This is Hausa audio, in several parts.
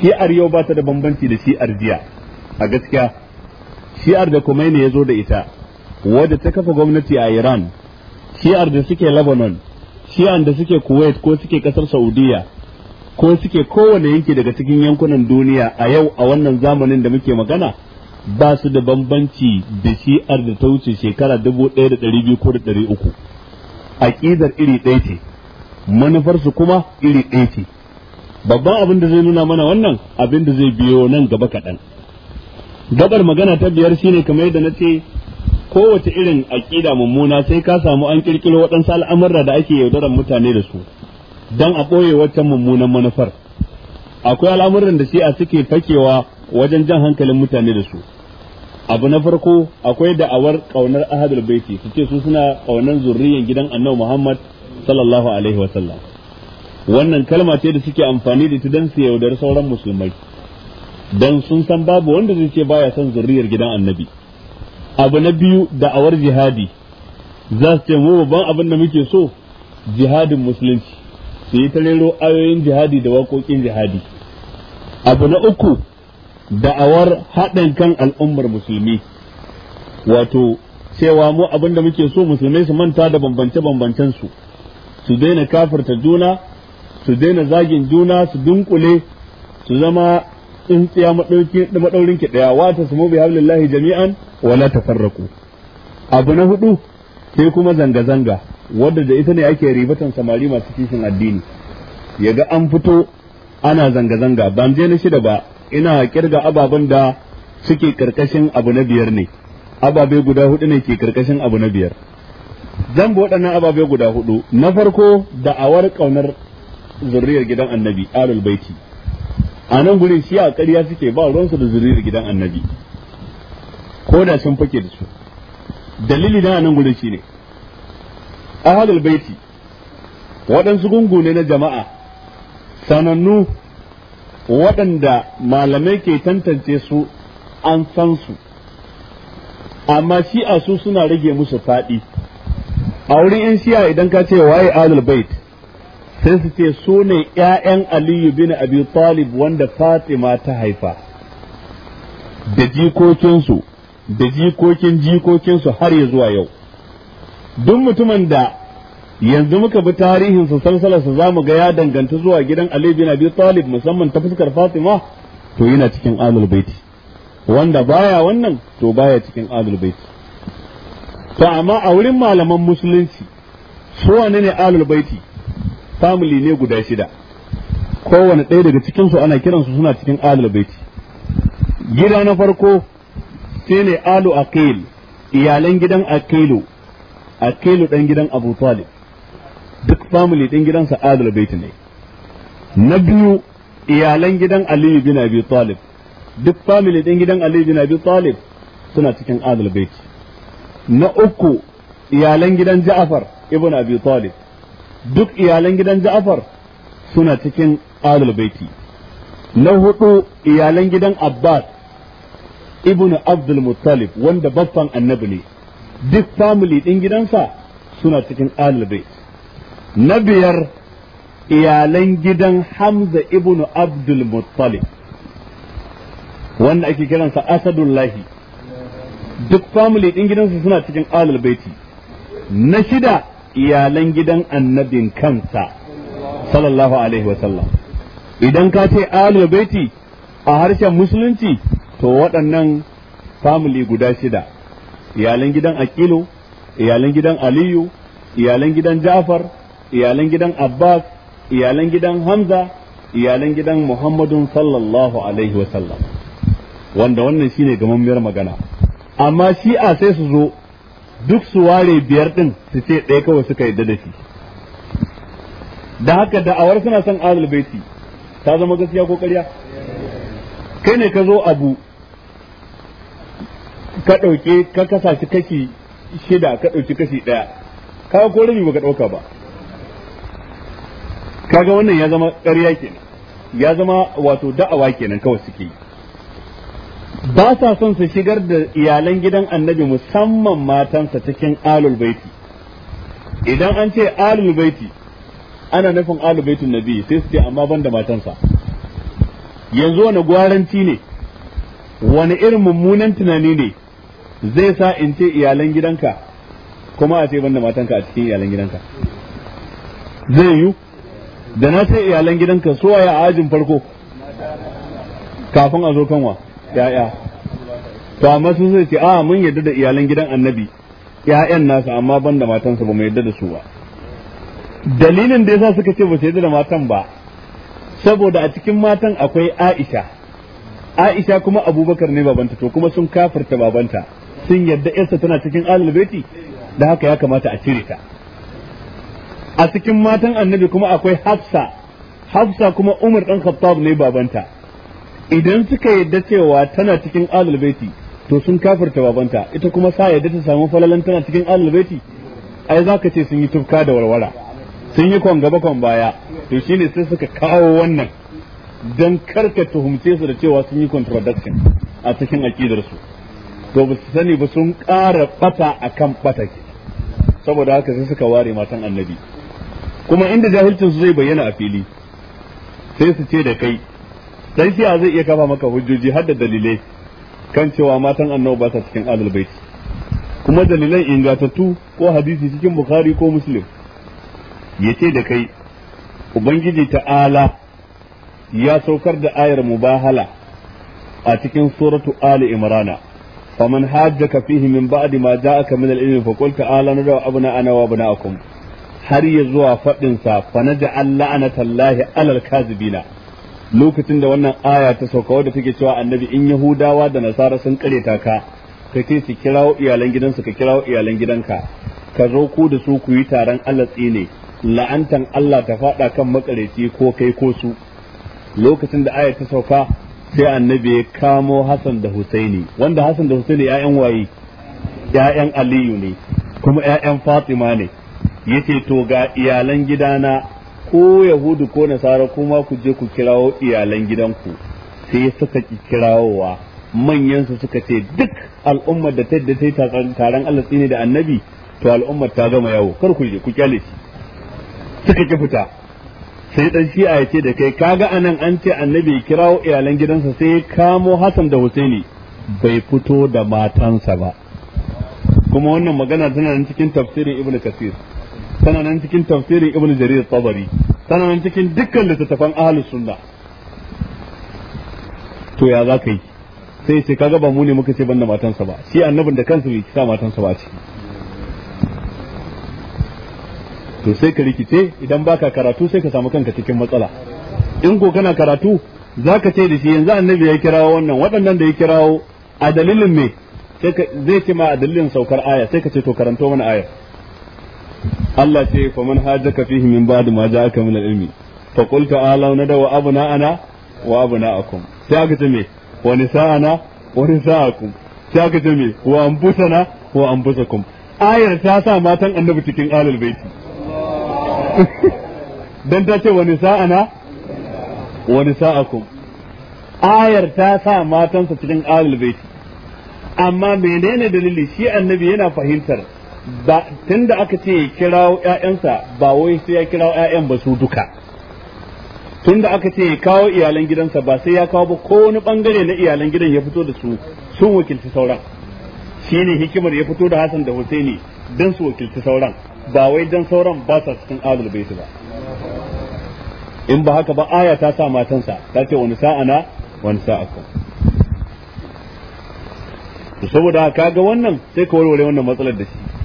shi'ar yau ba ta da bambanci da shi'ar jiya a gaskiya shi'ar da Khomeini ya zo da ita wadda ta kafa gwamnati a Iran shi'ar da suke Lebanon shi'ar da suke Kuwait ko suke kasar Saudiya ko suke kowane yanki daga cikin yankunan duniya a yau a wannan zamanin da muke magana ba su da bambanci da shi'ar da ta wuce shekara dubu ɗaya da biyu ko uku ƙizar iri ɗaya ce manufarsu kuma iri ɗaya ce babban abin da zai nuna mana wannan abin da zai biyo nan gaba kaɗan gabar magana ta biyar shine kamar yadda na ce kowace irin aƙida mummuna sai ka samu an ƙirƙiro waɗansu al'amurra da ake yaudaran mutane da su don a ɓoye wata mummunan manufar akwai al'amuran da shi a suke fakewa wajen jan hankalin mutane da su abu na farko akwai da'awar ƙaunar ahadul baiti su ce su suna ƙaunar zurriyan gidan annabi muhammad sallallahu alaihi wasallam wannan kalma ce da suke amfani da ita don su yaudar sauran musulmai don sun san babu wanda zai ce baya son zurriyar gidan annabi abu na biyu da'awar jihadi za su ce mu babban abin da muke so jihadin musulunci su yi ta rero ayoyin jihadi da waƙoƙin jihadi abu na uku da'awar haɗin kan al'ummar musulmi wato cewa mu abin da muke so musulmai su manta da bambance-bambancen su su daina kafirta juna su daina zagin juna su dunkule su zama tsintsiya madaurin ki daya wa ta sumu hablillahi jami'an wala tafarraku abu na hudu sai kuma zanga-zanga wadda da ita ne ake ribatan samari masu kishin addini Yaga an fito ana zanga-zanga ban je na shida ba ina kirga ababen da suke karkashin abu na biyar ne ababe guda hudu ne ke karkashin abu na biyar zan bi waɗannan ababe guda hudu na farko da awar ƙaunar zurriyar gidan annabi alul baiti a nan gurin shi a ƙarya suke ba ruwansu da zurriyar gidan annabi ko da sun fake da su dalili na nan gurin shine ahlul baiti waɗansu gungu ne na jama'a sanannu waɗanda malamai ke tantance su an san su amma shi'a su suna rage musu faɗi a wurin 'yan shi'a idan ka ce waye alul bait sai su ce su ne ‘ya'yan Aliyu bin Abi Talib wanda Fatima ta haifa, da jikokinsu, da jikokin jikokinsu har ya zuwa yau. Duk mutumin da yanzu muka bi tarihinsa salsalarsa za mu ga ya danganta zuwa gidan Aliyu bin Abi Talib musamman ta fuskar Fatima, to yana cikin alul baiti. Wanda baya wannan, to baya cikin alul baiti. To amma a wurin malaman musulunci, su wane ne alul baiti? family ne guda shida kowane ɗaya daga cikinsu ana kiransu suna cikin alul baiti gida na farko sai ne alu akil iyalan gidan akilu akilu ɗan gidan abu talib duk family ɗin gidansa alul baiti ne na biyu iyalan gidan aliyu bin abi talib duk family ɗin gidan aliyu bin abi talib suna cikin alul baiti na uku iyalan gidan ja'far ibn abi talib duk iyalan gidan Ja'far suna cikin alul baiti na hudu iyalan gidan Abbas ibnu Abdul Muttalib wanda baffan annabi ne duk family din gidansa suna cikin alul bait na biyar iyalan gidan Hamza ibnu Abdul Muttalib wanda ake kiransa Asadullahi duk family din gidansa suna cikin alul baiti na shida iyalan gidan annabin kansa sallallahu alaihi wasallam idan ka ce ahlul baiti a harshen musulunci to waɗannan family guda shida iyalan gidan aqilu iyalan gidan aliyu iyalan gidan ja'far iyalan gidan abbas iyalan gidan hamza iyalan gidan muhammadun sallallahu alaihi wasallam wanda wannan shine gamammiyar magana amma shi'a sai su zo duk su ware biyar din su ce ɗaya kawai suka yi da shi da haka da'awar suna son ahlul baiti ta zama gaskiya ko ƙarya kai ne ka zo abu ka ɗauke ka kasa shi kashi shida ka ɗauki kashi ɗaya ka ko rabi ka ɗauka ba kaga wannan ya zama ƙarya kenan ya zama wato da'awa kenan kawai suke yi ba sa son su shigar da iyalan gidan annabi musamman matansa cikin alul baiti idan an ce alul baiti ana nufin alul baitin nabi sai su ce amma ban da matansa yanzu wani gwaranci ne wani irin mummunan tunani ne zai sa in ce iyalan gidanka kuma a ce ban da matanka a cikin iyalan gidanka zai yiwu da na ce iyalan gidanka suwaye a ajin farko kafin a zo kanwa ya'ya to amma sun sai ce a ah, mun yarda da iyalan gidan annabi ya'yan nasu amma ban da matansa ba mu yarda da su ba dalilin da yasa suka ce ba su yarda da matan ba saboda a cikin matan akwai Aisha Aisha kuma Abubakar ne babanta to kuma sun kafirta babanta sun yarda yarsa tana cikin ahlul baiti da haka ya kamata a cire ta a cikin matan annabi kuma akwai Hafsa Hafsa kuma Umar dan Khattab ne babanta idan suka yadda cewa tana cikin ahlul baiti to sun kafirta babanta ita kuma sa yadda ta samu falalan tana cikin ahlul baiti ai zaka ce sun yi tufka da warwara sun yi kon gaba kon baya to shine sai suka kawo wannan dan karka tuhumce su da cewa sun yi contradiction a cikin akidarsu su to ba su sani ba sun ƙara bata a kan ke saboda haka sai suka ware matan annabi kuma inda jahilcin su zai bayyana a fili sai su ce da kai dan shi'a zai iya kafa maka hujjoji har da dalilai kan cewa matan annabi ba sa cikin ahlul bait kuma dalilan ingatattu ko hadisi cikin bukhari ko muslim yace da kai ubangiji ta'ala ya saukar da ayar mubahala a cikin suratu ali imrana faman hajjaka fihi min ba'di ma ja'aka min al-ilmi fa qul ta'ala nadu abna ana wa abnaakum har ya zuwa fadin sa fa naj'al la'natallahi alal kazibina lokacin da wannan aya ta sauka wadda take cewa annabi in yahudawa da nasara sun ta ka ka ce su kirawo iyalan gidansu ka kirawo iyalan gidanka ka zo ku da su ku yi taron Allah tsine la'antan Allah ta faɗa kan makareci ko kai ko su lokacin da aya ta sauka sai annabi ya kamo Hassan da Husaini wanda Hassan da Husaini yayan waye ya'yan Aliyu ne kuma yayan Fatima ne yace to ga iyalan gidana ko yahudu ko nasara kuma ku je ku kirawo iyalan gidanku sai suka ki kirawowa manyansu suka ce duk al'ummar da ta yi ta taron Allah tsine da annabi to al'ummar ta gama yawo kar ku je ku kyale shi suka ki fita sai dan shi'a ya ce da kai kaga anan an ce annabi ya kirawo iyalan gidansa sai ya kamo Hassan da Husaini bai fito da matansa ba kuma wannan magana tana cikin tafsirin Ibn Kathir tana nan cikin tafsirin ibnu jarir tabari tana nan cikin dukkan littattafan ahlus sunna to ya za ka yi sai ce kaga ba mu ne muka ce banda matansa ba shi annabin da kansa bai sa matansa ba ce to sai ka rikice idan baka karatu sai ka samu kanka cikin matsala in ko kana karatu za ka ce da shi yanzu annabi ya kirawo wannan waɗannan da ya kirawo a dalilin me zai ce ma a dalilin saukar aya sai ka ce to karanto mana ayar Allah ce fa man hajjaka fihi min ba'd ma ja'aka min al-ilmi fa qul ta'ala nada wa abna'ana wa abna'akum sai aka ce me wa nisa'ana wa nisa'akum sai aka ce me wa anfusana wa anfusakum ayar ta sa matan annabi cikin alal baiti dan ta ce wa nisa'ana wa nisa'akum ayar ta sa matansa cikin alal baiti amma menene dalili shi annabi yana fahimtar ba tunda aka ce ya kirawo ƴaƴansa ba wai sai ya kira ƴaƴan ba su duka tunda aka ce kawo iyalan gidansa ba sai ya kawo ba ko wani bangare na iyalan gidan ya fito da su sun wakilci sauran shine hikimar ya fito da Hassan da Husaini dan su wakilci sauran ba wai dan sauran ba sa cikin bai su ba in ba haka ba aya ta sa matansa ta ce wani sa'ana wani sa'akum saboda kaga wannan sai ka warware wannan matsalar da shi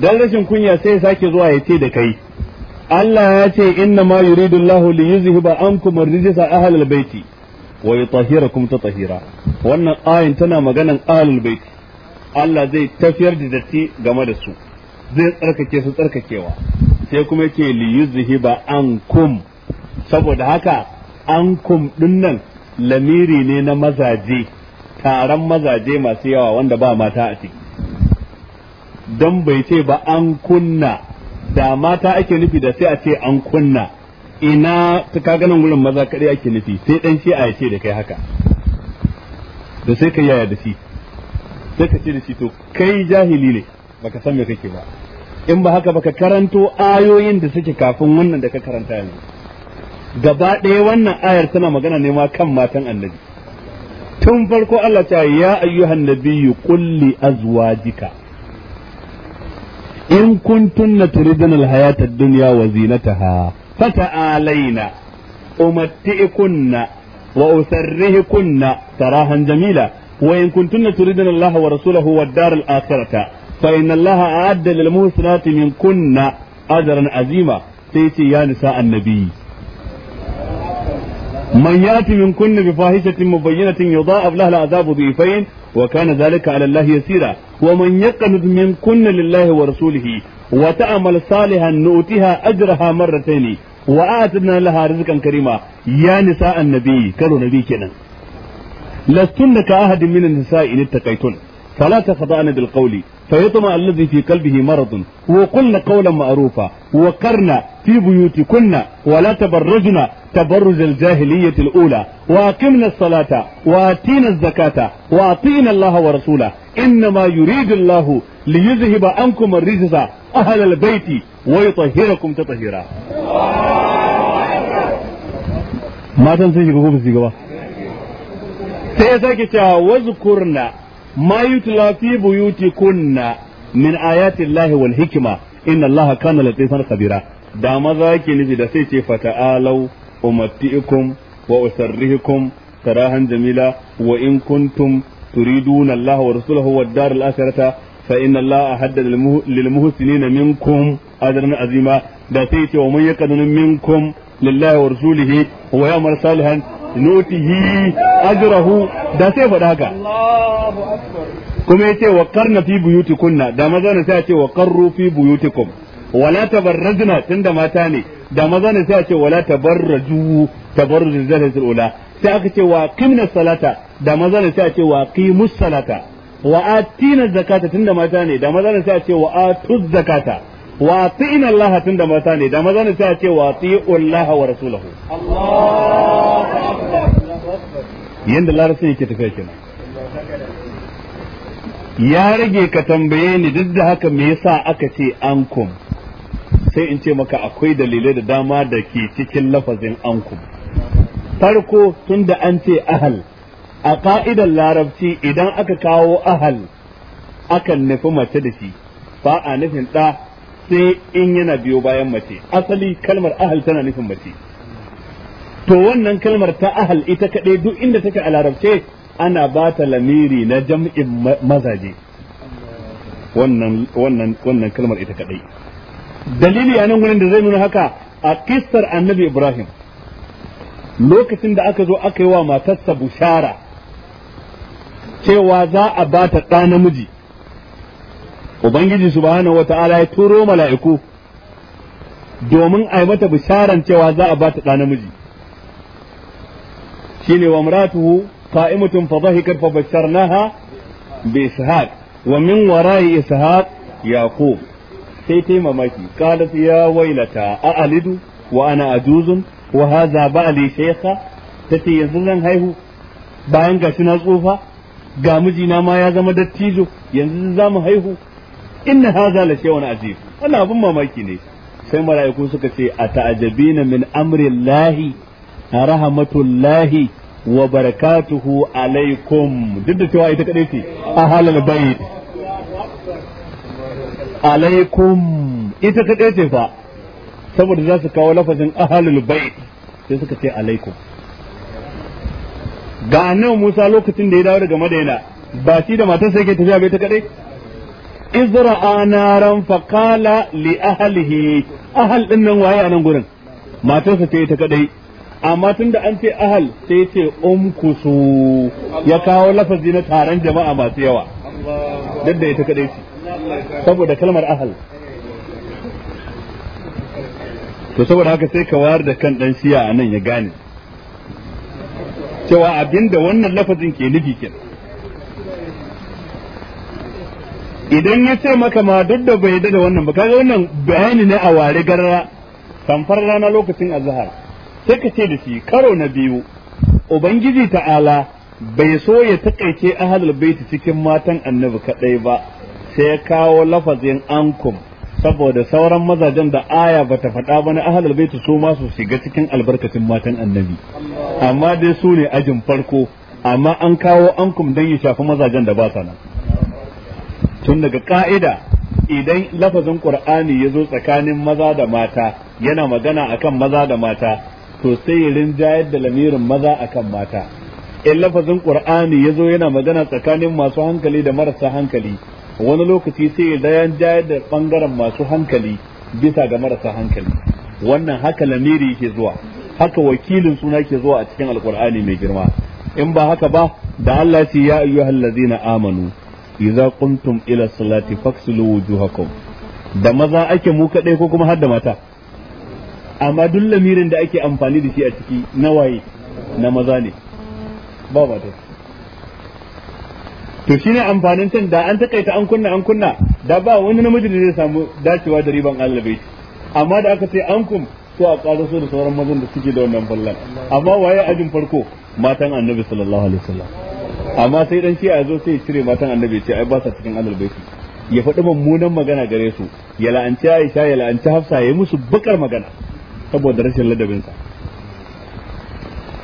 dan rashin kunya sai ya sake zuwa ya ce da kai Allah ya ce inna ma yuridu Allah li yuzhiba ankum ar-rijsa ahlal baiti wa yutahhirakum tatahira wannan ayin tana maganan ahlul baiti Allah zai tafiyar da datti game da su zai tsarkake su tsarkakewa sai kuma yake li yuzhiba ankum saboda haka ankum dinnan lamiri ne na mazaje taron mazaje masu yawa wanda ba mata a ciki don bai ce ba an kunna da mata ake nufi da sai a ce an kunna ina ta ganin wurin maza kaɗai ake nufi sai ɗan shi a ya ce da kai haka da sai ka yaya da shi sai ka ce da shi to kai jahili ne baka san me kake ba in ba haka baka karanto ayoyin da suke kafin wannan da ka karanta yanzu gaba ɗaya wannan ayar tana magana ne ma kan matan annabi tun farko Allah ta ya ayyuhan nabiyyu qul li azwajika إن كنتن تريدن الحياة الدنيا وزينتها فتآلينا أمتئكن وأسرهكن سراها جميلا وإن كنتن تريدن الله ورسوله والدار الآخرة فإن الله أعد للمحسنات منكن أجرا عظيما سيتي يا نساء النبي من يأتي من كن بفاحشة مبينة يضاعف لها العذاب ضعيفين وكان ذلك على الله يسيرا ومن يقنط من كن لله ورسوله وتعمل صالحا نؤتها أجرها مرتين وآتنا لها رزقا كريما يا نساء النبي كانوا نبي كنا لستن كأحد من النساء إن اتقيتن فلا تخضعن بالقول فيطمع الذي في قلبه مرض وقلنا قولا معروفا وقرنا في بيوتكن ولا تبرجنا تبرج الجاهلية الأولى وأقمنا الصلاة وآتينا الزكاة وأطينا الله ورسوله إنما يريد الله ليذهب عنكم الرجس أهل البيت ويطهركم تطهيرا ما تنسي شيء sai ya تاوزكرنا ma yutla fi buyutikunna min ayati Allah wal hikma inna Allah kana latifan khabira da maza ke nufi da sai ce fata'alau umatti'ikum wa usarrihikum jamila wa in kuntum turiduna Allah wa na wad dar azima salihan nutihi ajrahu da sai faɗa haka kuma yace wa karna fi buyutikunna da maza ne sai ya ce wa qarru fi buyutikum wala tabarrajna tunda mata ne da maza ne sai ya ce wala tabarraju tabarrujul jahiliyatul ula sai aka ce wa qimna salata da maza ne sai ya ce wa qimus salata wa atina zakata tunda mata ne da maza ne sai ya ce wa zakata wa ati'ina Allah tun da mata ne da maza ne sai a ce wa ati'ullaha wa rasulahu yanda larabcin yake tafiya kenan ya rage ka tambaye ni duk da haka me yasa aka ce ankum sai in ce maka akwai dalilai da dama da ke cikin lafazin ankum farko tun da an ce ahal a ka'idar larabci idan aka kawo ahal akan nufi mace da shi ba a nufin ɗa sai in yana biyo bayan mace asali kalmar ahal tana nufin mace to wannan kalmar ta ahal ita kaɗai duk inda take a larabce ana ba ta lamiri na jam'in mazaje wannan wannan wannan kalmar ita kaɗai dalili a nan wurin da zai nuna haka a kistar annabi ibrahim lokacin da aka zo aka yi wa matarsa bushara cewa za a ba ta ɗa namiji ubangiji subhanahu wataala ya turo mala'iku domin a yi mata bisharan cewa za a ba ta ɗa Shi ne wa imratuhu qa'imatun fa dhahikat fa bi ishaq wa min wara'i ishaq yaqub sai ta mamaki qalat ya wailata a alidu wa ana ajuzun wa Ali ba'li ta ce yanzu zan haihu bayan gashi na tsufa ga mijina ma ya zama dattijo yanzu za mu haihu inna hadha la shay'un azim wannan abun mamaki ne sai mala'iku suka ce ata'ajabina min amri llahi rahmatullahi wa barakatuhu alaikum duk da cewa ita kadai ce ahlal bayt alaikum ita kadai ce fa saboda za su kawo lafazin ahalul bayt sai suka ce alaikum ga annabi Musa lokacin da ya dawo daga Madina ba shi da matarsa yake tafiya bai ta kadai izra'a naran faqala li ahlihi ahal din nan waye a nan gurin matarsa ce ta kadai amma tunda an ce ahal sai ce umkusu ya kawo lafazi na taron jama'a masu yawa duk da ta kadai ce saboda kalmar ahal to saboda haka sai ka wayar da kan dan shiya anan ya gane cewa abinda wannan lafazin ke nufi kenan idan ya ce maka ma duk da bai da wannan ba kaga wannan bayani ne a ware garra tamfar rana lokacin azhar sai ka ce da shi karo na biyu ubangiji ta'ala bai so ya takaice ahlul baiti cikin matan annabi kadai ba sai ya kawo lafazin ankum saboda sauran mazajen da aya bata faɗa ba na ahlul baiti su ma su shiga cikin albarkacin matan annabi amma dai su ne ajin farko amma an kawo ankum dan ya shafi mazajen da ba sa nan tun daga ka'ida idan lafazin qur'ani ya zo tsakanin maza da mata yana magana akan maza da mata to sai ya rinjayar da lamirin maza akan mata in lafazin qur'ani ya zo yana magana tsakanin masu hankali da marasa hankali wani lokaci sai ya jayar da bangaren masu hankali bisa ga marasa hankali wannan haka lamiri yake zuwa haka wakilin suna ke zuwa a cikin alkur'ani mai girma in ba haka ba da Allah ce ya na amanu idza kuntum ila salati faksilu wujuhakum da maza ake mu kadai ko kuma har da mata amma duk lamirin da ake amfani da shi a ciki na waye na maza ne ba mata to shine amfanin can da an takaita an kunna an kunna da ba wani namiji da zai samu dacewa da riban Allah amma da aka ce an kum to a ƙara so da sauran mazan da suke da wannan ballan amma waye ajin farko matan annabi sallallahu alaihi wasallam amma sai dan shi a zo sai cire matan annabi ce ai ba sa cikin alal baiti ya faɗi mummunan magana gare su ya la'anci Aisha ya la'anci Hafsa ya musu bakar magana saboda rashin ladabinsa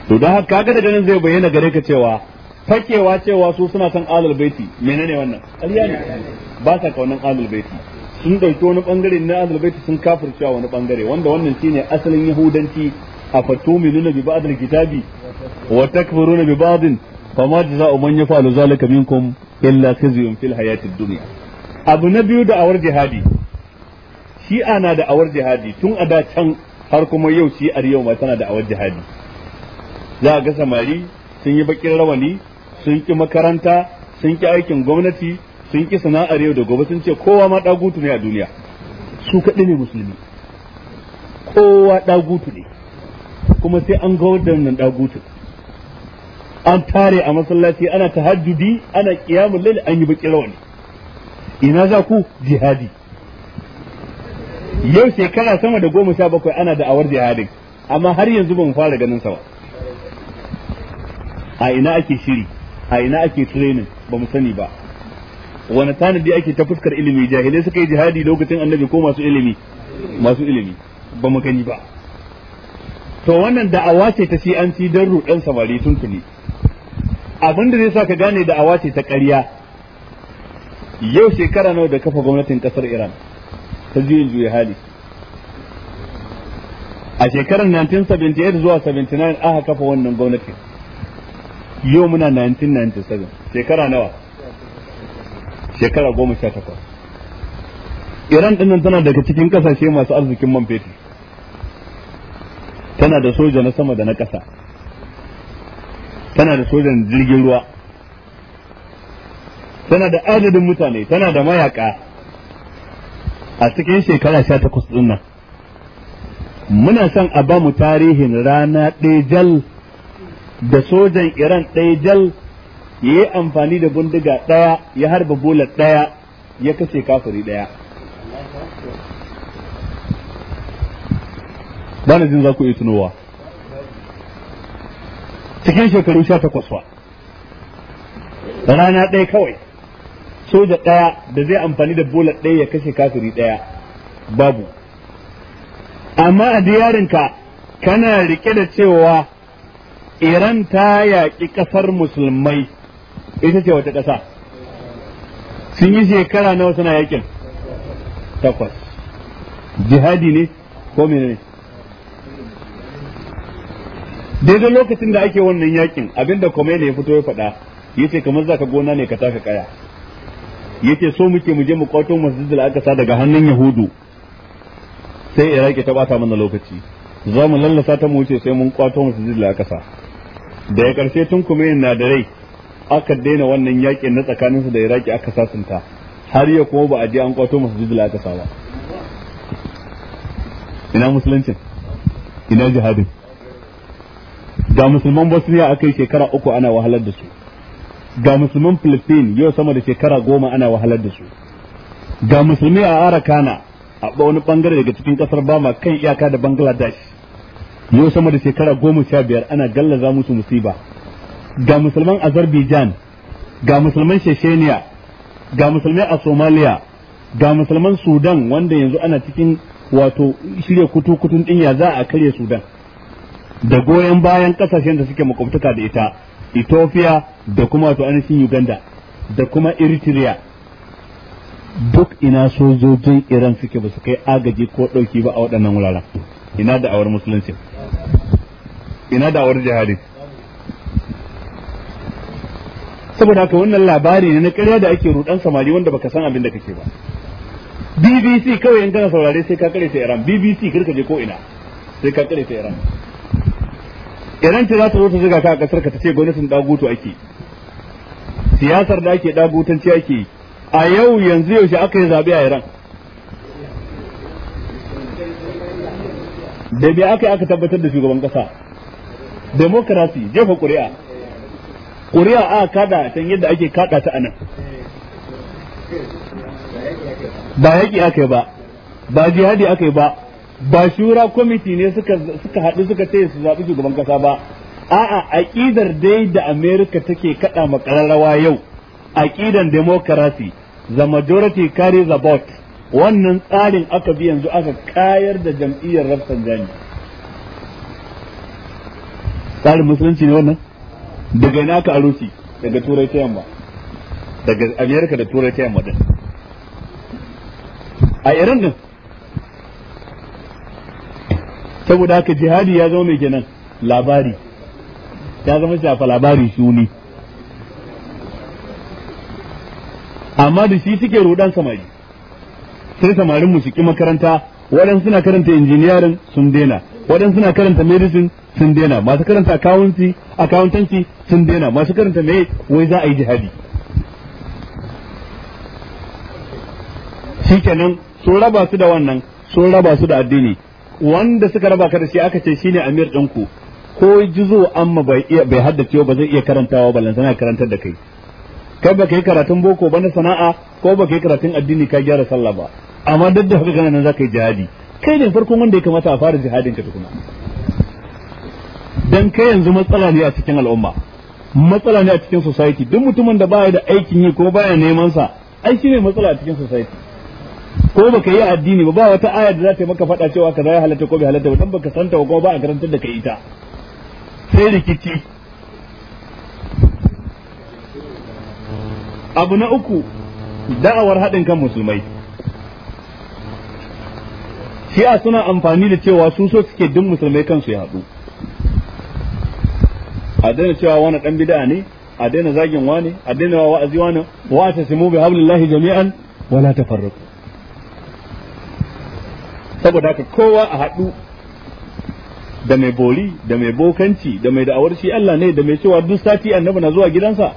to dan haka kaga daga nan zai bayyana gare ka cewa fakewa cewa su suna son alal baiti menene wannan ƙarya ne ba sa kaunan alal baiti sun dauki wani bangare na alal baiti sun kafircewa wani bangare wanda wannan shine asalin yahudanci a fatuminuna bi ba'd kitabi wa takfuruna bi ba'd fama za man yafalu zalika minkum illa khizyun fil hayatid dunya abu na biyu da awar jihadi shi'a na da awar jihadi tun a da can har kuma yau shi'ar yau ma tana da awar jihadi za ga samari sun yi bakin rawani sun ki makaranta sun ki aikin gwamnati sun ki sana'ar yau da gobe sun ce kowa ma dagutu ne a duniya su kaɗai ne musulmi kowa dagutu ne kuma sai an ga wannan dagutu an tare a masallaci ana tahajjudi ana qiyamul layl an yi baki rawani ina za ku jihadi yau shekara sama da goma sha bakwai ana awar jihadin amma har yanzu ban fara ganin sa ba a ina ake shiri a ina ake training ba mu sani ba wani tanadi ake ta fuskar ilimi jahilai suka yi jihadi lokacin annabi ko masu ilimi masu ilimi ba mu gani ba to wannan da'awa ce ta shi an ci don rudan samari tuntuni abin da zai sa ka gane da awace ta ƙarya yau shekara nawa da kafa gwamnatin kasar Iran ta juyin juya hali a shekarar 1978 zuwa 79 aka kafa wannan gwamnatin yau muna 1997 shekara nawa shekara goma sha takwas iran nan tana daga cikin kasashe masu arzikin man fetur tana da soja na sama da na ƙasa tana da sojan jirgin ruwa tana da adadin mutane tana da mayaka a cikin shekara sha takwas ɗin nan muna son a ba mu tarihin rana ɗaya jal da sojan iran ɗaya jal ya yi amfani da bindiga ɗaya ya harba bola ɗaya ya kashe kafiri ɗaya ba na jin za ku yi tunowa cikin shekaru sha takwas ba rana ɗaya kawai soja ɗaya da zai amfani da bola ɗaya ya kashe kafiri ɗaya babu amma a diyarinka kana rike da cewa iran ta yaƙi ƙasar musulmai ita ce wata ƙasa sun yi shekara nawa suna yaƙin takwas jihadi ne ko menene ne daidai lokacin da ake wannan yakin abinda kome ne ya fito ya faɗa yace kamar za ka gona ne ka taka kaya yace so muke mu je mu kwato masjidil aqsa daga hannun yahudu sai iraki ta bata mana lokaci za mu lallasa ta mu wuce sai mun kwato masjidil aqsa da ya karshe tun kome na da rai aka daina wannan yakin na tsakaninsu da iraki aka sasunta har ya kuma ba a je an kwato masjidil aqsa ba ina Musulunci? ina jihadin ga musulman bosniya aka shekara uku ana wahalar da su ga musulman philippine yau sama da shekara goma ana wahalar da su ga musulmi a arakana a wani bangare daga cikin kasar bama kan iyaka da bangladesh yau sama da shekara goma sha biyar ana gallaza musu musiba ga musulman azerbaijan ga musulman shesheniya ga musulmai a somaliya ga musulman sudan wanda yanzu ana cikin wato shirya kutu-kutun din ya za a karya sudan da goyon bayan kasashen da suke makwabtaka da ita Ethiopia da kuma wato ainihin Uganda da kuma Eritrea duk ina sojojin Iran suke ba su kai agaji ko ɗauki ba a waɗannan wuraren ina da awar musulunci ina da awar jihari saboda haka wannan labari ne na ƙarya da ake rudan samari wanda baka san abin da kake ba BBC kawai in gana saurare sai ka kare ta Iran BBC kirka je ko ina sai ka kare ta Iran idan ce za ta zo ta zuga ta a kasar ka ta ce gwamnatin dagutu ake siyasar da ake dagutanci ake a yau yanzu yaushe aka yi zaɓe a iran da bai aka yi aka tabbatar da shugaban ƙasa demokarasi jefa ƙuri'a ƙuri'a a kada can yadda ake kada ta anan ba yaƙi aka yi ba ba jihadi aka yi ba ba shura kwamiti ne suka haɗu suka ce su zaɓi shugaban kasa ba a'a aƙidar dai da Amerika take kaɗa makararrawa yau aƙidan demokarasi the majority carries the vote wannan tsarin aka bi yanzu aka kayar da jam'iyyar rafsan rafsanjani tsarin musulunci ne wannan daga ina aka arusi daga turai ta yamma daga amerika da turai ta yamma din a irin din saboda haka jihadi ya zama mai kenan labari ya zama shafa labari shuni amma da shi suke rudan samari sai samarin mu su makaranta waɗansu suna karanta injiniyarin sun daina waɗansu suna karanta medicine sun daina masu karanta akawuntanci sun daina masu karanta me wai za a yi jihadi shikenan sun raba su da wannan sun raba su da addini wanda suka raba ka da shi aka ce shine amir ɗinku ko jizo amma bai bai haddace ba zai iya karantawa ba lan sana karantar da kai kai baka yi karatun boko ba na sana'a ko baka yi karatun addini ka gyara sallah ba amma duk da haka nan zaka yi jihadi kai ne farkon wanda ya kamata a fara jihadin ka tukuna dan kai yanzu matsala ne a cikin al'umma matsala ne a cikin society duk mutumin da baya da aikin yi ko baya neman sa ai shine matsala a cikin society ko baka yi addini ba ba wata aya da za ta maka faɗa cewa kaza ya halatta ko bai halatta ba dan baka santa ba ko ba a karantar da kai ita sai rikici abu na uku da'awar haɗin kan musulmai shi'a suna amfani da cewa su so suke duk musulmai kansu ya haɗu a daina cewa wani ɗan bida ne a daina zagin wani a daina wa wa'azi wani wa ta simu bi hablillahi jami'an wala tafarraqu saboda haka kowa a haɗu da mai bori da mai bokanci da mai da'awar shi Allah ne da mai cewa duk sati annabi na zuwa gidansa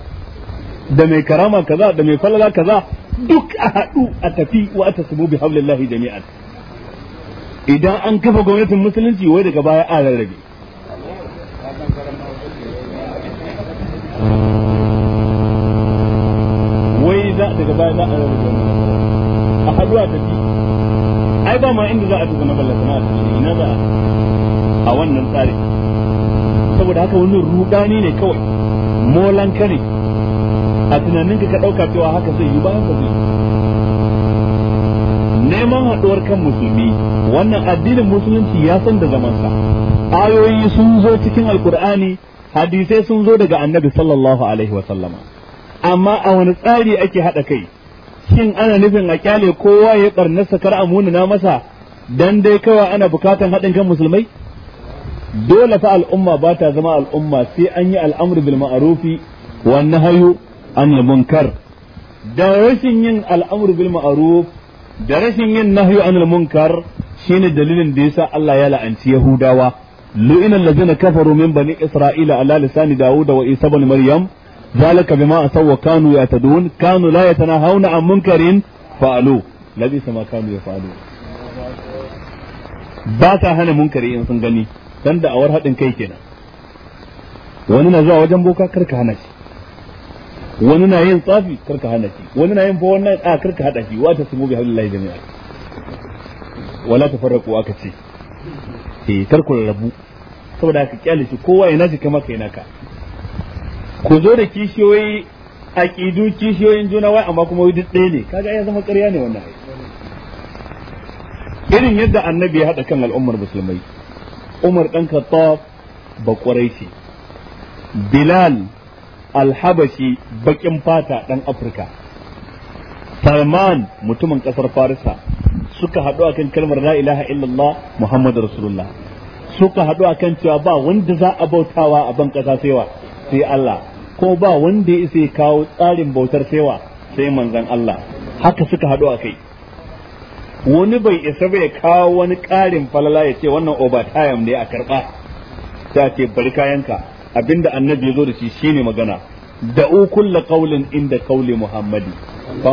da mai karama kaza da mai falala kaza duk a haɗu a tafi wa ta subu bi jami'an idan an kafa gwamnatin musulunci wai daga baya a rarrabe wai za daga baya za a rarrabe a haɗu a tafi ai ba ma inda za a tuka na ballata na asibiti ina ba a wannan tsari saboda haka wani rudani ne kawai molan ne a tunaninka ka ɗauka cewa haka zai yi ba haka zai neman haɗuwar kan musulmi wannan addinin musulunci ya san da zamansa ayoyi sun zo cikin alkur'ani hadisai sun zo daga annabi sallallahu alaihi wa sallama amma a wani tsari ake haɗa kai shin ana nufin a kyale kowa ya barnarsa kar a masa dan dai kawai ana bukatan haɗin kan musulmai dole fa al'umma ba ta zama al'umma sai an yi al'amru bil ma'rufi wa nahyu anil munkar da rashin yin al'amru bil ma'ruf da rashin yin nahyu anil munkar shine dalilin da yasa Allah ya la'anci Yahudawa lu'ina allazina kafaru min bani isra'ila ala lisani dauda wa isa ibn maryam zalika bima asaw kanu yatadun kanu la yatanahawna an munkarin fa'alu labi sama kanu ya fa'alu ba ta hana munkari in sun gani dan awar hadin kai kenan wani na zuwa wajen boka karka hana shi wani na yin tsafi karka hana shi wani na yin fa a su mu wala aka ce rabu saboda haka kyale shi kowa ya ji kama kai naka ku zo da kishiyoyi aƙidu kishiyoyin juna wai amma kuma duk ɗaya ne kaga ya zama ƙarya ne wannan irin yadda annabi ya haɗa kan al'ummar musulmai umar ɗan khattab ba ƙwarai bilal alhabashi baƙin fata ɗan afirka salman mutumin ƙasar farisa suka haɗu kan kalmar la ilaha illallah muhammadu rasulullah suka haɗu akan cewa ba wanda za a bautawa a ban ƙasa sai wa sai Allah ko ba wanda ya isa ya kawo tsarin bautar saiwa sai manzon Allah haka suka haɗu a kai wani bai isa bai kawo wani ƙarin falala ya ce wannan obatayam ne a karɓa sai ake ce bari kayanka abinda annabi ya zo da shi shine magana da da'u la qaulin inda qauli muhammadi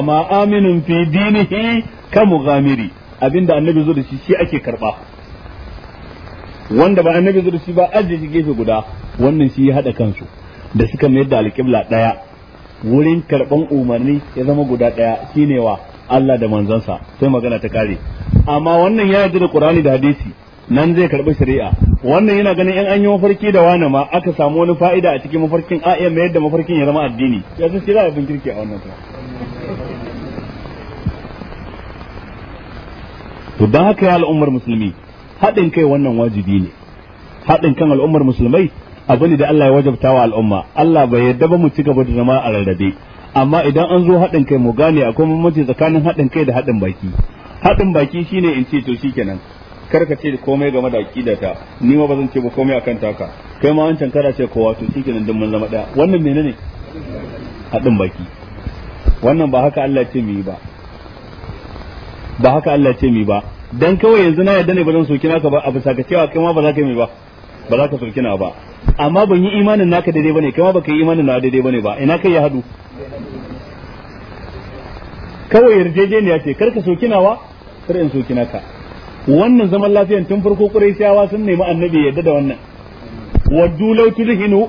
ma aminun fi dinihi ka mughamiri abinda annabi zo da shi shi ake karba wanda ba annabi zo da shi ba aje shi gefe guda wannan shi ya haɗa kansu da suka mayar da alƙibla ɗaya wurin karɓan umarni ya zama guda ɗaya shine wa Allah da manzansa sai magana ta kare amma wannan ya yarda da Qur'ani da hadisi nan zai karɓi shari'a wannan yana ganin in an yi mafarki da wani ma aka samu wani fa'ida a cikin mafarkin a iya mayar da mafarkin ya zama addini ya san shi za kirki a wannan to don haka ya al'ummar musulmi haɗin kai wannan wajibi ne haɗin kan al'ummar musulmai abu ne da Allah ya wajabta wa al'umma Allah bai yarda ba mu ci gaba da zama a rarrabe amma idan an zo haɗin kai mu gane akwai mamaci tsakanin haɗin kai da haɗin baki haɗin baki shine in ce to shikenan kar ka ce komai game da aqidata ni ma bazan ce ba komai akan taka kai ma wancan kada ce kowa to shikenan din mun zama daya wannan menene haɗin baki wannan ba haka Allah ce mu yi ba ba haka Allah ce mu yi ba dan kawai yanzu na yarda ne ba zan soki naka ba a bisa ka cewa kai ma ba za ka yi ba ba za ka soki ba amma ban yi imanin naka daidai bane kai ma baka yi imanin na daidai bane ba ina kai ya hadu kawai yarjejeniya ce karka soki nawa kar in soki naka wannan zaman lafiyan tun farko quraishawa sun nemi annabi ya yarda da wannan waddu law tudhinu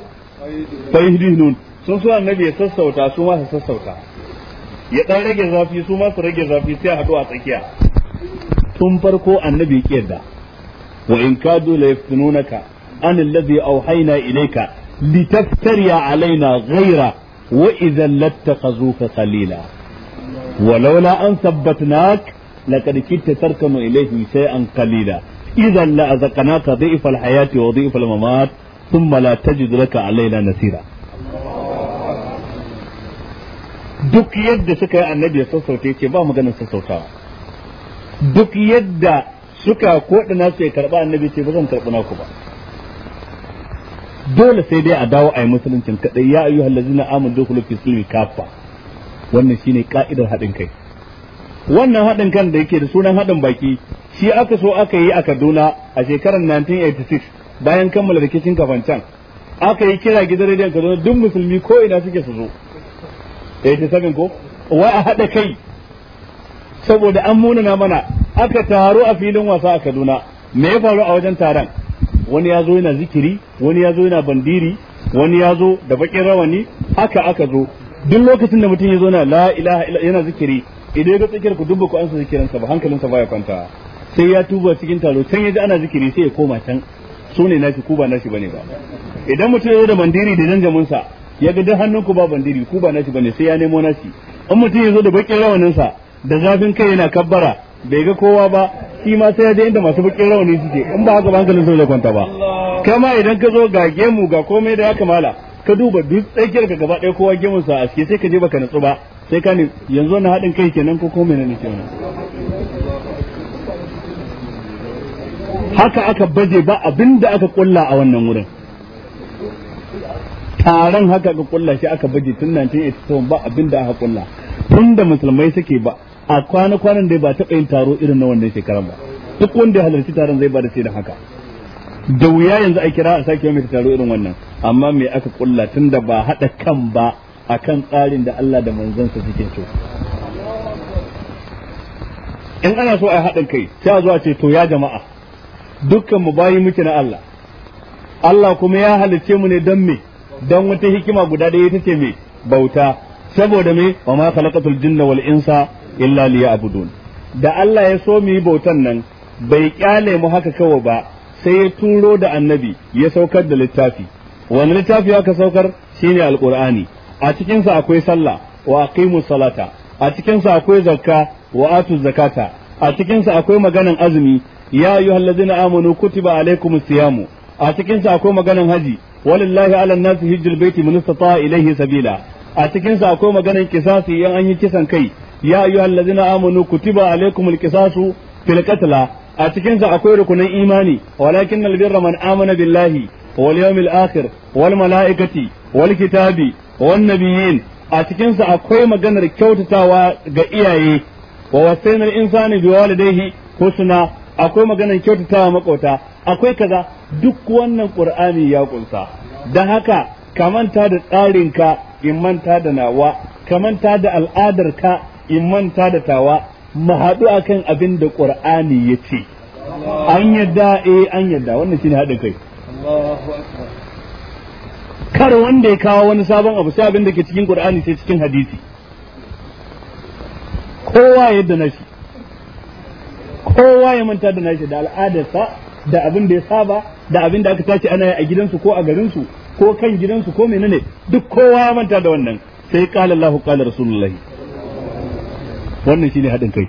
fayihdinun sun so annabi ya sassauta su ma su sassauta ya dan rage zafi su ma su rage zafi sai a hadu a tsakiya tun farko annabi ya yarda wa in kadu la yaftununaka an allazi auhayna ilayka litaftari alaina ghaira wa idhan kalila. khalila walaula an thabbatnak laqad kitta tarkanu ilayhi shay'an qalila idhan la azaqnaka dhi'fa alhayati wa dhi'fa almamat thumma la tajid laka alaina nasira duk yadda suka yi annabi ya sassauta yake ba maganar sassautawa duk yadda suka koɗa nasu ya karɓa a ce ba zan karɓi naku ba dole sai dai a dawo a yi musuluncin kaɗai ya ayyuha allazina amanu dukhulu fi silmi kafa wannan shine ka'idar haɗin kai wannan haɗin kan da yake da sunan haɗin baki shi aka so aka yi a Kaduna a shekarar 1986 bayan kammala rikicin kafancan aka yi kira gidan rediyon Kaduna duk musulmi ko ina suke su zo 87 ko wai a haɗa kai saboda an munana mana aka taro a filin wasa a Kaduna me ya faru a wajen taron wani ya zo yana zikiri wani ya zo yana bandiri wani ya zo da bakin rawani haka aka zo duk lokacin da mutum ya zo na la ilaha illa yana zikiri idan ya ga tsakiyar ku dubba ku ansa zikirin sa ba hankalinsa baya kwanta sai ya tuba cikin taro can ya ji ana zikiri sai ya koma can su ne nashi ku ba nashi bane ba idan mutum ya zo da bandiri da janjamin sa ya ga duk hannun ku ba bandiri ku ba nashi bane sai ya nemo nashi in mutum ya zo da bakin rawanin sa da zafin kai yana kabbara bai ga kowa ba shi ma sai da inda masu bukin rauni suke in ba haka ba hankalin sai kwanta ba kama idan ka zo ga gemu ga komai da ya kamala ka duba duk tsakiyar ka gaba ɗaya kowa gemun sa a ciki sai ka je baka nutsu ba sai ka ne yanzu na haɗin kai kenan ko komai ne kenan haka aka baje ba abinda aka kulla a wannan wurin taron haka aka kulla shi aka baje tun 1987 ba abinda aka kulla tun da musulmai suke ba a kwana kwanan da ba taɓa yin taro irin na wannan shekaran ba duk wanda ya halarci taron zai ba da sai da haka da wuya yanzu a kira a sake mai taro irin wannan amma me aka kulla tun da ba haɗa kan ba a kan tsarin da Allah da manzansa suke so in ana so a haɗin kai sai a zuwa ce to ya jama'a dukkan mu bayi muke na Allah Allah kuma ya halicce mu ne don me don wata hikima guda da ita ce me bauta saboda me wa ma khalaqatul jinna wal insa illa abudun da Allah ya so mu yi bautan nan bai kyale mu haka kawai ba sai ya turo da annabi ya saukar da littafi wani littafi aka saukar shine alqur'ani a cikin sa akwai sallah wa aqimu salata a cikin sa akwai zakka wa atu zakata a cikin sa akwai maganan azumi ya ayyuhallazina amanu kutiba alaikumus siyamu a cikin sa akwai maganan haji walillahi ala nasi hijjul bayti man istata ilayhi sabila a cikin sa akwai maganan kisasi yan an yi kisan kai ya ayyuhal ladzina amanu kutiba alaikumul qisasu fil qatla a cikinsa akwai rukunin imani walakin albirra man billahi wal yawmil akhir wal malaikati wal kitabi wan nabiyyin a cikinsa akwai maganar kyautatawa ga iyaye wa wasainal insani biwalidayhi husna akwai maganar kyautatawa makota akwai kaza duk wannan ƙur'ani ya ƙunsa. Da haka ka manta da tsarinka in manta da nawa ka manta da al'adarka in manta da tawa mu haɗu akan abin da qur'ani ya ce an yadda eh an yadda wannan shine haɗin kai kar wanda ya kawo wani sabon abu sai abin da ke cikin qur'ani sai cikin hadisi kowa yadda nashi kowa ya manta da nashi da al'adarsa da abin da ya saba da abin da aka tashi ana yi a gidansu ko a garinsu ko kan gidansu ko menene duk kowa ya manta da wannan sai qala Allahu kala rasulullahi wannan shine haɗin kai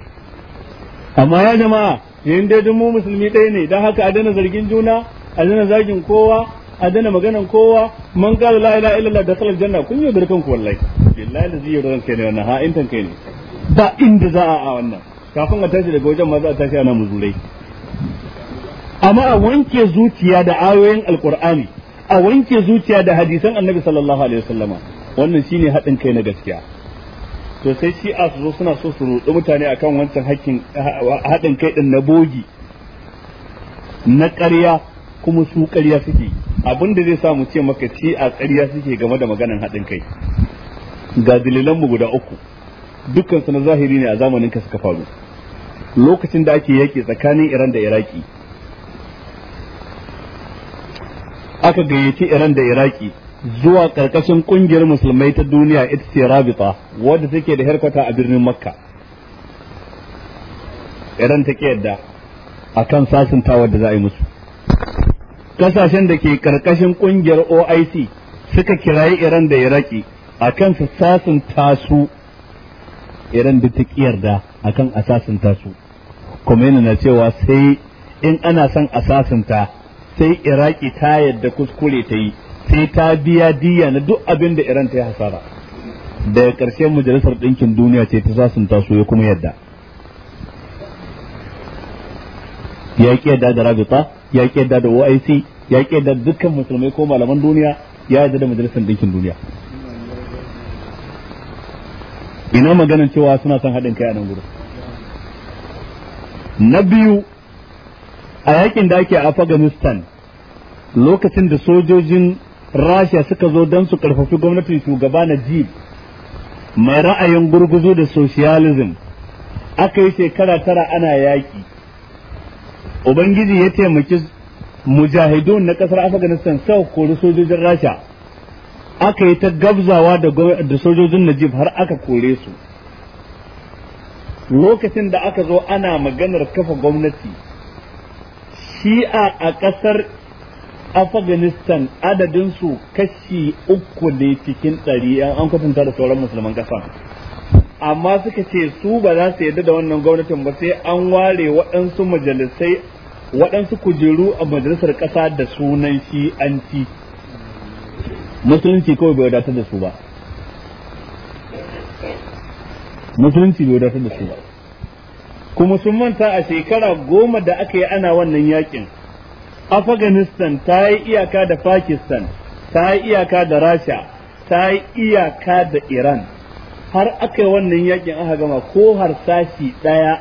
amma ya jama'a yayin dai mu musulmi ɗaya ne don haka a dana zargin juna a dana zagin kowa a dana maganan kowa man ga la ilaha da dakhala janna kun yi garkan ku wallahi billahi da ziyar ran kai ne wannan ha intan kai ne ba inda za a wannan kafin a tashi daga wajen ma za a tashi ana muzurai amma a wanke zuciya da ayoyin alqur'ani a wanke zuciya da hadisan annabi sallallahu alaihi wasallama wannan shine haɗin kai na gaskiya to sai shi a su zo suna so su roɗi mutane akan wancan hakkin haɗin kai ɗin na bogi na ƙarya kuma su ƙarya suke abin da zai samu ce maka ci a ƙarya suke game da maganan haɗin kai ga mu guda uku dukkan na zahiri ne a zamanin ka suka faru lokacin da ake yaƙi tsakanin iran da iraki aka gayyaci iran da iraki zuwa karkashin kungiyar musulmai ta duniya ita ce rabita wadda take da harkata a birnin makka idan ta ke yadda a kan sasuntawa da za a yi musu kasashen da ke karkashin kungiyar oic suka kirayi iran da iraki a kan su sasunta su iran da ta ƙiyar yarda a kan a sasunta su kuma na cewa sai in ana son a sasunta sai iraki ta yadda kuskure ta yi sai ta biya diya na duk abin da Iran ta yi hasara daga ƙarshen majalisar ɗinkin duniya ce ta sasanta su ya kuma yadda ya ki yadda da rabita ya ki yadda da OIC ya ki yadda dukkan musulmai ko malaman duniya ya yadda da majalisar ɗinkin duniya ina maganin cewa suna son haɗin kai a nan gurin na biyu a yakin da ake a Afghanistan lokacin da sojojin rasha suka zo don su karfafi gwamnatin shugaba jib mai ra'ayin gurguzu da socialism aka yi shekara tara ana yaƙi ubangiji ya taimaki mujahidun na ƙasar afghanistan sau kori sojojin rasha aka yi ta gabzawa da sojojin najib har aka kore su lokacin da aka zo ana maganar kafa gwamnati shi'a a ƙasar afganistan adadinsu kashi uku ne cikin ɗari an kwatanta da sauran musulman ƙasa amma suka ce su ba za su yarda da wannan gwamnatin ba sai an ware waɗansu majalisai waɗansu kujeru a majalisar ƙasa da sunan shi an ci. musulunci kawai bai wadatar da su ba musulunci bai wadatar da su ba kuma sun manta a shekara goma da aka yi ana wannan yakin afghanistan ta yi iyaka da pakistan ta yi iyaka da rasha ta yi iyaka da iran har aka yi wannan yakin aka gama ko sashi ɗaya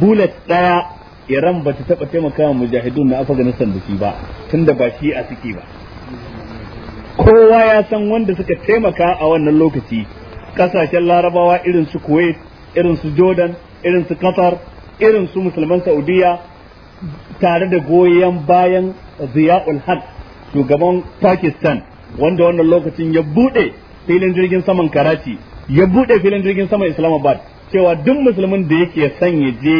bullet ɗaya iran ba ta taɓa taimakawa mujahidun na afghanistan da shi ba tunda ba shi a suke ba kowa ya san wanda suka taimaka a wannan lokaci kasashen larabawa irin su kuwait irin su jordan irin su qatar irin su musulman Saudiyya. tare da goyon bayan Ziyaul Haq shugaban Pakistan wanda wannan lokacin ya bude filin jirgin saman Karachi ya bude filin jirgin saman Islamabad cewa duk musulmin da yake san ya je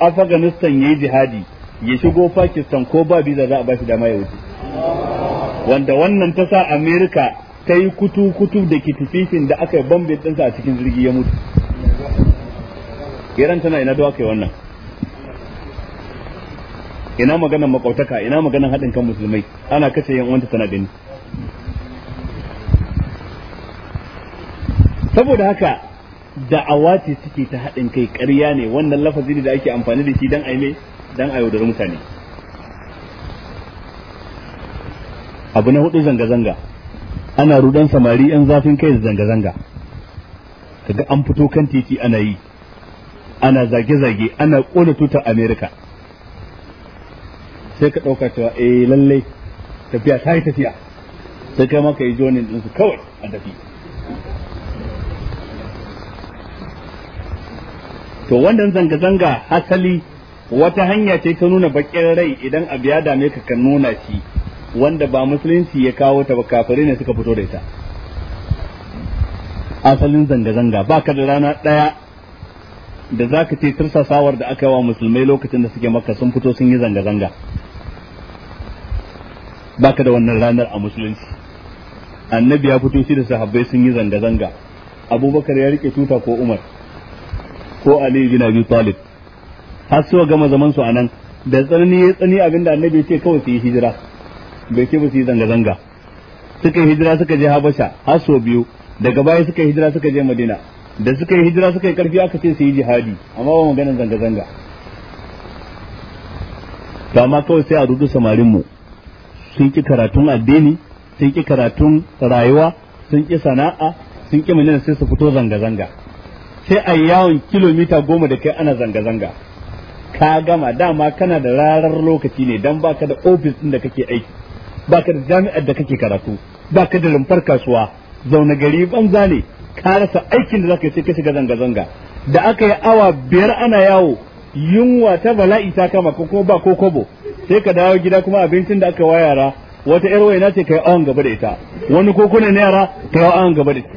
Afghanistan yayi jihadi ya shigo Pakistan ko ba biza za a bashi dama ya wuce wanda wannan ta sa America ta yi kutu-kutu da kitififin da aka yi bambe ɗinsa a cikin jirgi ya mutu giran tana ina da wannan ina maganar makautaka ina maganar haɗin kan musulmai ana kace yan uwanta tana gani saboda haka da'awa ce suke ta haɗin kai ƙarya ne wannan lafazi da ake amfani da shi dan aime dan ayyudar mutane abu na hudu zanga-zanga ana rudan samari yan zafin kai da zanga-zanga kaga an fito kan titi ana yi ana zage-zage ana kona tutar amerika sai ka ɗauka cewa eh lallai tafiya ta yi tafiya sai kai maka yi jonin su kawai a tafi to wannan zanga-zanga hasali wata hanya ce ta nuna bakin rai idan abu ya dame ka kan nuna shi wanda ba musulunci ya kawo ta ba kafirai ne suka fito da ita asalin zanga-zanga ba ka da rana ɗaya da za ka ce tursasawar da aka yi wa musulmai lokacin da suke maka sun fito sun yi zanga-zanga baka da wannan ranar a musulunci annabi ya fito shi da sahabbai sun yi zanga-zanga abubakar ya rike tuta ko umar ko ali bin abi talib har suwa gama zaman su anan da tsanani ya tsani abinda annabi ya ce kawai su yi hijira bai ce ba su yi zanga-zanga suka yi hijira suka je habasha har sau biyu daga baya suka yi hijira suka je madina da suka yi hijira suka yi karfi aka ce su yi jihadi amma ba maganar zanga-zanga to amma kawai sai a rudu samarin mu sun ki karatun addini sun ki karatun rayuwa sun ki sana'a sun ki miliyan sai su fito zanga-zanga sai a yawon kilomita goma da kai ana zanga-zanga ka gama dama kana da rarar lokaci ne dan baka da ofis din da kake aiki baka da jami'ar da kake karatu baka da rumfar kasuwa zaune gari banza ne ka rasa aikin da zaka sai ka shiga zanga-zanga da aka yi awa biyar ana yawo yunwa ta bala'i ta kama ko ba ko kobo sai ka dawo gida kuma abincin da aka wa yara wata yar waina ce kai awon gaba da ita wani kokuna na yara kai awon gaba da ita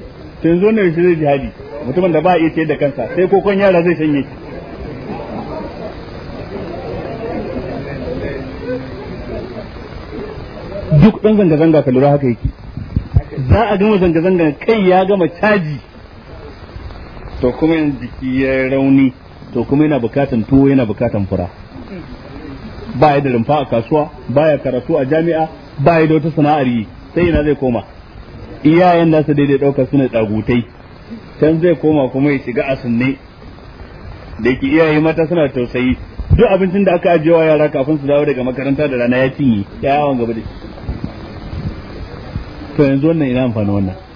to zo ne shi zai jihadi mutumin da ba iya ce da kansa sai kokon yara zai sanye shi duk dan zanga zanga ka lura haka yake za a gama zanga zanga kai ya gama caji to kuma yanzu jiki ya rauni to kuma yana bukatan tuwo yana bukatan fura ba ya da rumfa a kasuwa ba ya karatu a jami'a ba ya da wata sana'ar yi sai ina zai koma iyayen nasa daidai ɗaukar suna ɗagutai can zai koma kuma ya shiga a sunne da ke iyaye mata suna tausayi duk abincin da aka ajiyewa yara kafin su dawo daga makaranta da rana ya cinye ya yawon gaba da to yanzu wannan ina amfani wannan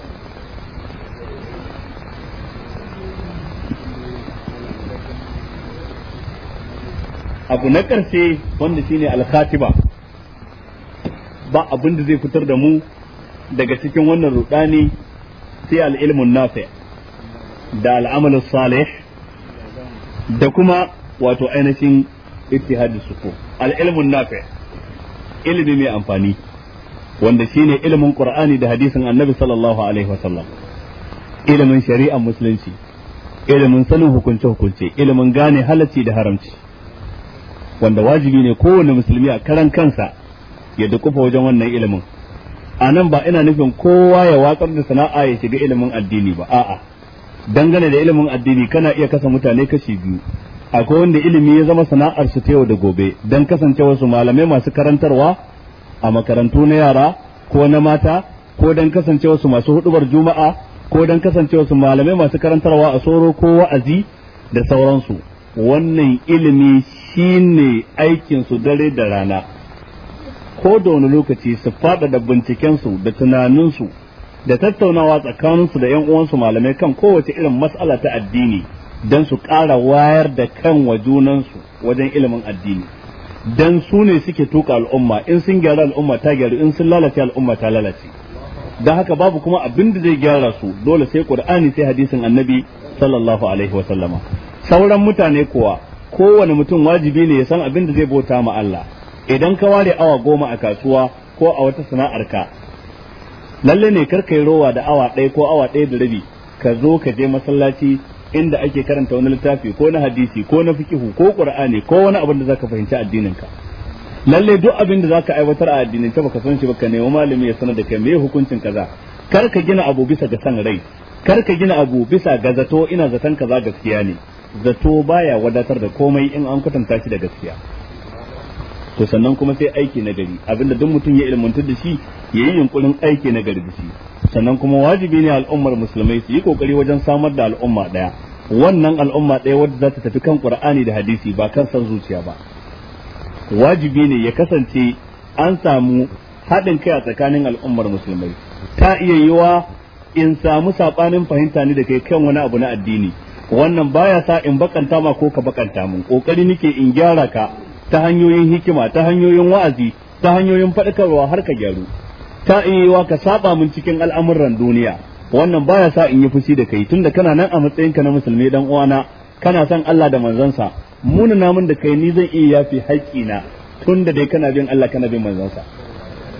abu na ƙarshe wanda shine alkatiba ba abin da zai fitar da mu daga cikin wannan rudani sai al'ilmun nafi da al'amalin salih da kuma wato ainihin ittihadin suko al'ilmun nafi ilimi mai amfani wanda shine ilimin qur'ani da hadisin annabi sallallahu alaihi wasallam ilimin shari'a musulunci ilimin sanin hukunce hukunce ilimin gane halacci da haramci wanda wajibi ne kowane musulmi a karan kansa ya dukufa wajen wannan ilimin a nan ba ina nufin kowa ya watsar da sana'a ya shiga ilimin addini ba a'a dangane da ilimin addini kana iya kasa mutane kashi biyu akwai wanda ilimi ya zama sana'ar su ta yau da gobe dan kasance wasu malamai masu karantarwa a makarantu na yara ko na mata ko dan kasance wasu masu hudubar juma'a ko dan kasance wasu malamai masu karantarwa a soro ko wa'azi da sauransu wannan ilimi shine aikin su dare da rana ko da wani lokaci su faɗaɗa bincikensu da tunaninsu da tattaunawa tsakaninsu da 'yan uwansu malamai kan kowace irin matsala ta addini don su ƙara wayar da kan wa junansu wajen ilimin addini don su ne suke tuka al'umma in sun gyara al'umma ta gyaru in sun lalace al'umma ta lalace don haka babu kuma abin da zai gyara su dole sai ƙur'ani sai hadisin annabi sallallahu alaihi wa sallama sauran mutane kuwa kowane mutum wajibi ne ya san abin da zai bauta ma Allah idan ka ware awa goma a kasuwa ko a wata sana'arka lalle ne kar yi rowa da awa ɗaya ko awa ɗaya da rabi ka zo ka je masallaci inda ake karanta wani littafi ko na hadisi ko na fikihu ko qur'ani ko wani abin da zaka fahimci ka lalle duk abin da zaka aiwatar a addinin ta baka san shi baka nemi malami ya sanar da kai me hukuncin kaza kar ka gina abu bisa ga san rai kar ka gina abu bisa ga zato ina zaton kaza gaskiya ne zato baya wadatar da komai in an kwatanta shi da gaskiya to sannan kuma sai aiki na gari abinda duk mutum ya ilmantar da shi ya yi yunkurin aiki na gari da shi sannan kuma wajibi ne al'ummar musulmai su yi kokari wajen samar da al'umma daya wannan al'umma daya wadda za ta tafi kan qur'ani da hadisi ba kan san zuciya ba wajibi ne ya kasance an samu haɗin kai a tsakanin al'ummar musulmai ta iya yiwa in samu sabanin fahimta ne da kai kan wani abu na addini wannan baya sa in bakanta ma ko ka bakanta mun kokari nake in gyara ka ta hanyoyin hikima ta hanyoyin wa'azi ta hanyoyin faɗakarwa har ka gyaru ta iya ka saba mun cikin al'amuran duniya wannan baya sa in yi fushi da kai tunda kana nan a ka na musulmi dan uwana kana son Allah da manzansa munana mun da kai ni zan iya yafi haƙƙina tunda dai kana bin Allah kana bin manzansa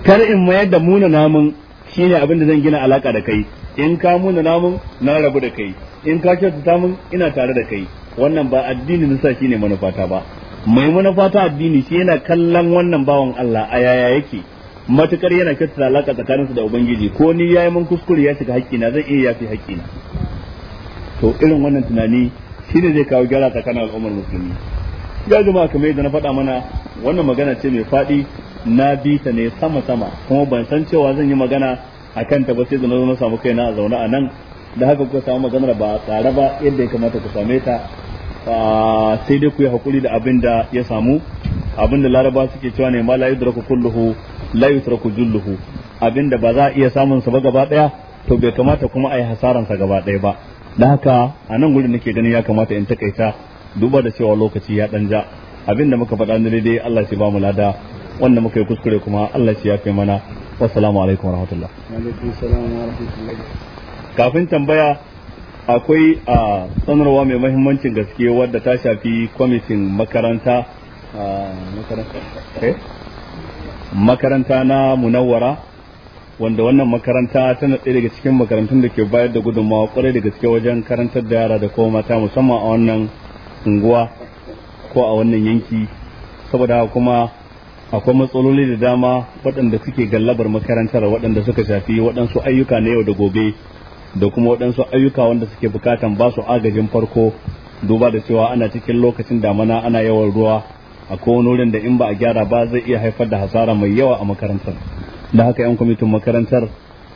kar in mayar da munana mun shine abin da zan gina alaka da kai in ka muna namun na rabu da kai in ka kyautata mun ina tare da kai wannan ba addini shi shine manufata ba mai manufata addini shi yana kallon wannan bawan Allah a yaya yake matukar yana kyautata alaka tsakaninsa da ubangiji ko ni yayi mun kuskure ya shiga haƙƙina zan iya yafi haƙƙina to irin wannan tunani shi ne zai kawo gyara tsakanin al'ummar musulmi ya jama'a kamar yadda na faɗa mana wannan magana ce mai faɗi na bi ta ne sama sama kuma ban san cewa zan yi magana akan ta ba sai da na samu kaina a zauna a nan da haka kuka samu maganar ba tsare ba yadda ya kamata ku same ta ah, sai dai ku yi hakuri da abin da ya samu abin da laraba suke cewa ne ma la yudraku kulluhu la yutraku julluhu abin da ba za a iya samun sa ba gaba daya to bai kamata kuma a yi hasaran sa gaba daya ba da haka a nan gurin nake ganin ya kamata in takaita duba da cewa lokaci ya dan ja abin da muka faɗa ne dai Allah ya ba mu lada wanda muka yi kuskure kuma Allah shi ya fi mana wassalamu alaikum warahmatullah kafin tambaya akwai a sanarwa mai mahimmancin gaske wadda ta shafi kwamitin makaranta eh? makaranta na munawwara wanda wannan makaranta tana ɗaya daga cikin makarantun da ke bayar da gudunmawa kwarai da gaske wajen karantar da yara da kuma mata musamman a wannan unguwa ko a wannan yanki saboda kuma akwai matsaloli da dama waɗanda suke gallabar makarantar waɗanda suka shafi waɗansu ayyuka na yau da gobe da kuma waɗansu ayyuka wanda suke bukatan ba su agajin farko duba da cewa ana cikin lokacin damana ana yawan ruwa a kowane wurin da in ba a gyara ba zai iya haifar da hasara mai yawa a makarantar da haka yan kwamitin makarantar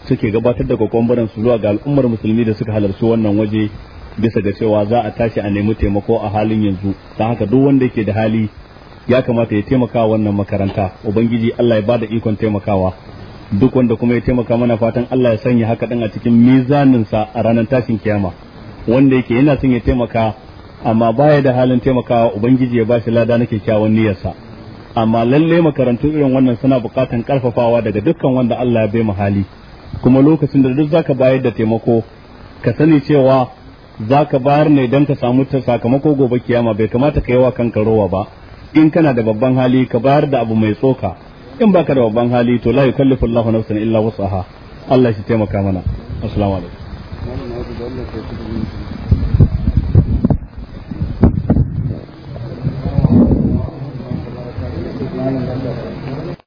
suke gabatar da kwakwambaran su zuwa ga al'ummar musulmi da suka halarci wannan waje bisa ga cewa za a tashi a nemi taimako a halin yanzu don haka duk wanda ke da hali ya kamata ya taimaka wannan makaranta ubangiji Allah ya bada ikon taimakawa duk wanda kuma ya taimaka mana fatan Allah ya sanya haka din a cikin mizanin sa a ranar tashin kiyama wanda yake yana son ya taimaka amma baya da halin taimakawa ubangiji ya bashi lada na kyakkyawan niyyarsa amma lalle makarantu irin wannan suna bukatan karfafawa daga dukkan wanda Allah ya bai mu hali kuma lokacin da duk zaka bayar da taimako ka sani cewa zaka bayar ne dan ka samu ta sakamako gobe kiyama bai kamata ka yi wa kanka rowa ba in kana da babban hali ka bayar da abu mai tsoka in baka da babban hali to la yukallifu Allahu nafsan illa wusaha Allah shi taimaka mana assalamu alaikum